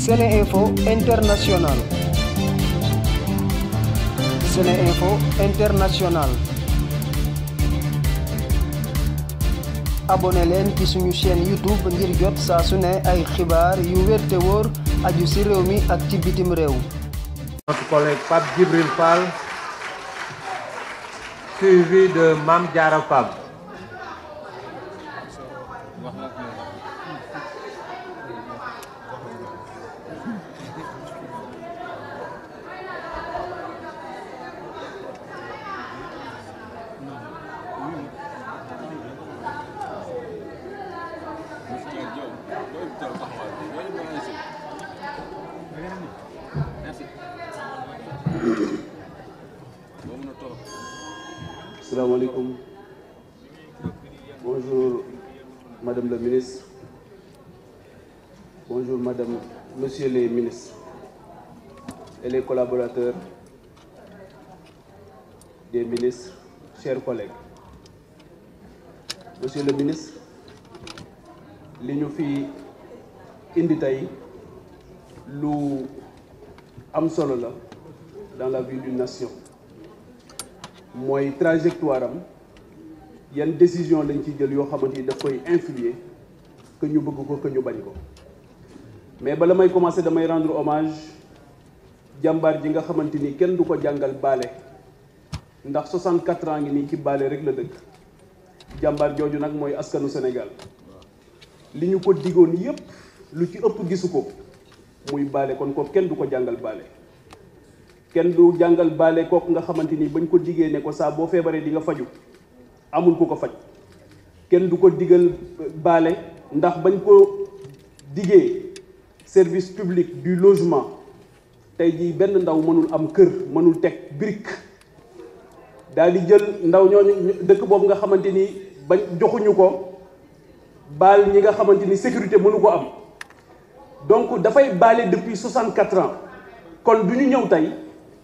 Sene Info International Sene leen ci suñu chaîne YouTube ngir jot saa su ne ay xibaar yu wér te aju ci réew mi ak ci bitim réew notre collègue Pape Djibril Salam alaikum. Bonjour, Madame la Ministre. Bonjour, Madame, Monsieur les ministres et les collaborateurs des ministres, Monsieur le ministre, li ñu fi indi tey lu am solo la dans la vie d'une nation mooy trajectoire yan décision lañ ci jël yoo xamante ni daf koy influer que ñu bëgg ko que ñu bañ ko mais bala may commencer damay rendre hommage jàmbaar ji nga xamante ni kenn du ko jàngal baale ndax 64 ans ngi nii ci baale rek la dëkk jàmbaar jooju nag mooy askanu Sénégal li ñu ko digoon yépp lu ci ëpp gisu ko muy baale kon ko kenn du ko jàngal baale kenn du jàngal baale kooku nga xamante ni bañ ko digee ne ko saa boo feebaree di nga faju amul ko ko faj kenn du ko digal baale ndax bañ ko digee service public du logement tey jii benn ndaw mënul am kër mënul teg brique daal di jël ndaw ñooñu dëkk boobu nga xamante ni bañ joxuñu ko baal ñi nga xamante ni sécurité mënu ko am donc dafay baale depuis quatre ans kon du ñu ñëw tey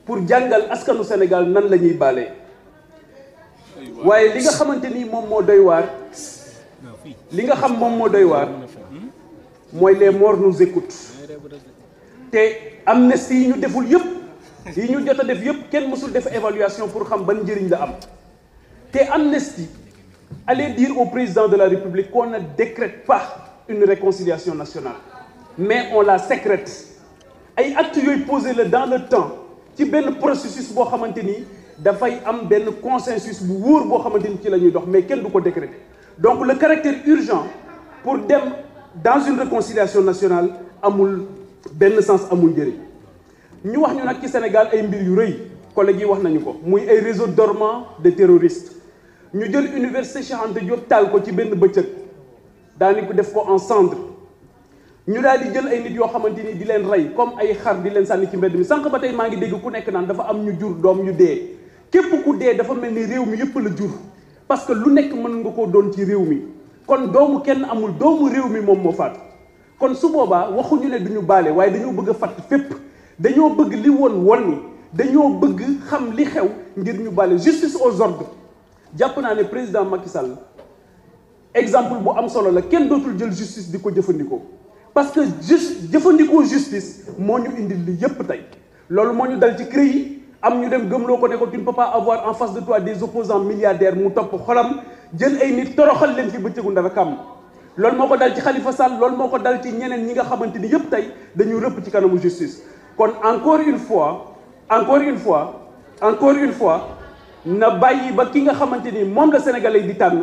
pour jàngal askanu Sénégal nan la ñuy baale waaye li nga xamante ni moom moo doy waar li nga xam moom moo doy waar mooy les morts nous écoutent te amnistie yi ñu deful yëpp yi ñu jot a def yëpp kenn mësul def évaluation pour xam ban njëriñ la am te amnistie allez dire au président de la République qu'on ne décrète pas une réconciliation nationale mais on la sécrète ay actes yooyu posé la dans le temps ci benn processus boo xamante ni dafay am benn consensus bu wóor boo xamante ni ci la ñuy dox mais kenn du ko décréter donc le caractère urgent pour dem dans une réconciliation nationale amul benn sens amul njëriñ ñu wax ñu nag ci Sénégal ay mbir yu rëy collègues yi wax nañu ko muy ay réseau dormant de terroristes ñu jël université Cheikh jot Diop taal ko ci benn bëccëg daani ko def ko en cendre ñu daal di jël ay nit yoo xamante ni di leen rey comme ay xar di leen sànni ci mbedd mi sànq ba tey maa ngi dégg ku nekk naan dafa am ñu jur doom yu dee képp ku dee dafa mel ni réew mi yëpp la jur parce que lu nekk mën nga koo doon ci réew mi kon doomu kenn amul doomu réew mi moom moo faatu kon su boobaa waxuñu ne duñu baale waaye dañoo bëgg a fàtt fépp dañoo bëgg li woon woon ni dañoo bëgg xam li xew ngir ñu baale justice aux ordres jàpp naa ne président Macky Sall exemple bu am solo la kenn dootul jël justice di ko jëfandikoo parce que juste jëfandikoo justice moo ñu indi li yépp tey loolu moo ñu dal ci CREI am ñu dem gëmloo ko ne ko tu ne peux pas avoir en face de toi des opposants milliardaires mu topp xolam jël ay nit toroxal leen ci bëccëgu ndara kàmm loolu moo ko dal ci xalifa Sall loolu moo ko dal ci ñeneen ñi nga xamante ni yépp tey dañu rëpp ci kanamu justice kon encore une fois encore une fois encore une fois na bàyyi ba ki nga xamante ni moom la sénégalais di tànn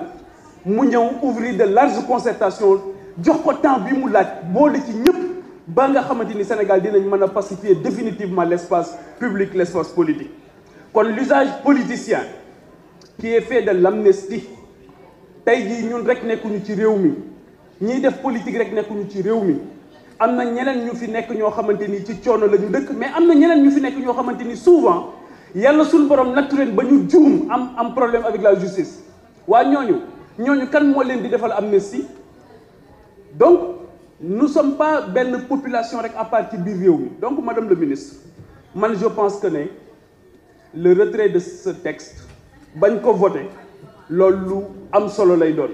mu ñëw ouvrir de larges concertations jox ko temps bi mu laaj boole ci ñëpp ba nga xamante ni Sénégal dinañ mën a pacifier définitivement l' espace public l' espace politique kon l'usage politicien qui est fait de l' amnistie tey jii ñun rek nekkuñu ci réew mi ñiy def politique rek nekkuñu ci réew mi am na ñeneen ñu fi nekk ñoo xamante ni ci coono lañu dëkk mais am na ñeneen ñu fi nekk ñoo xamante ni souvent yàlla suñu borom naturel ba ñu juum am am problème avec la justice waa ñooñu ñooñu kan moo leen di defal amnistie donc nous sommes pas benn population rek à partir biir réew mi donc madame le ministre man je pense que ne le retrait de ce bañ ko voté loolu lu am solo lay doon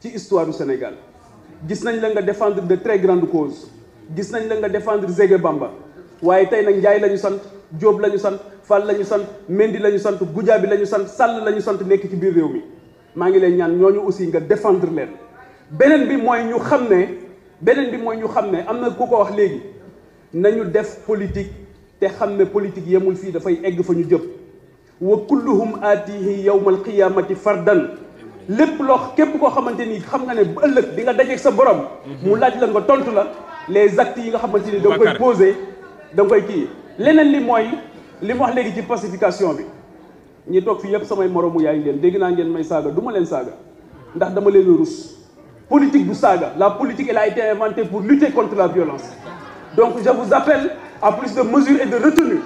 ci histoire du Sénégal gis nañ la nga défendre de très grande causes gis nañ la nga défendre Zégué Bamba waaye tey nag Njaay la ñu sant Jóob lañu sant Fall la ñu sant Mendy la ñu sant Goudiaby la ñu sant Sall la ñu sant nekk ci biir réew mi maa ngi leen ñaan ñoo ñooñu aussi nga défendre leen beneen bi mooy ñu xam ne beneen bi mooy ñu xam ne am na ku ko wax léegi nañu def politique te xam ne politique yemul fii dafay egg fa ñu jëm wa kulluhum aatihi yawmal qiyaamati fardan lépp loo képp koo xamante ni xam nga ne bu ëllëg di nga dajeeg sa borom. mu laaj la nga tontu la les actes yi nga xamante ni da nga koy posé da koy kii leneen li mooy li mu wax léegi ci pacification bi ñi toog fii yëpp samay moromu yaay leen dégg naa ngeen may saaga du leen saaga ndax dama leen rus. politique du saga. La politique, elle a été inventée pour lutter contre la violence. Donc je vous appelle à plus de mesures et de retenue.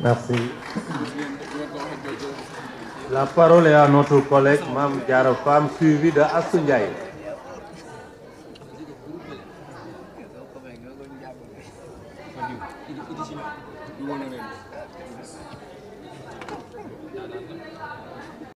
Merci. La parole est à suivi de Assundiaï.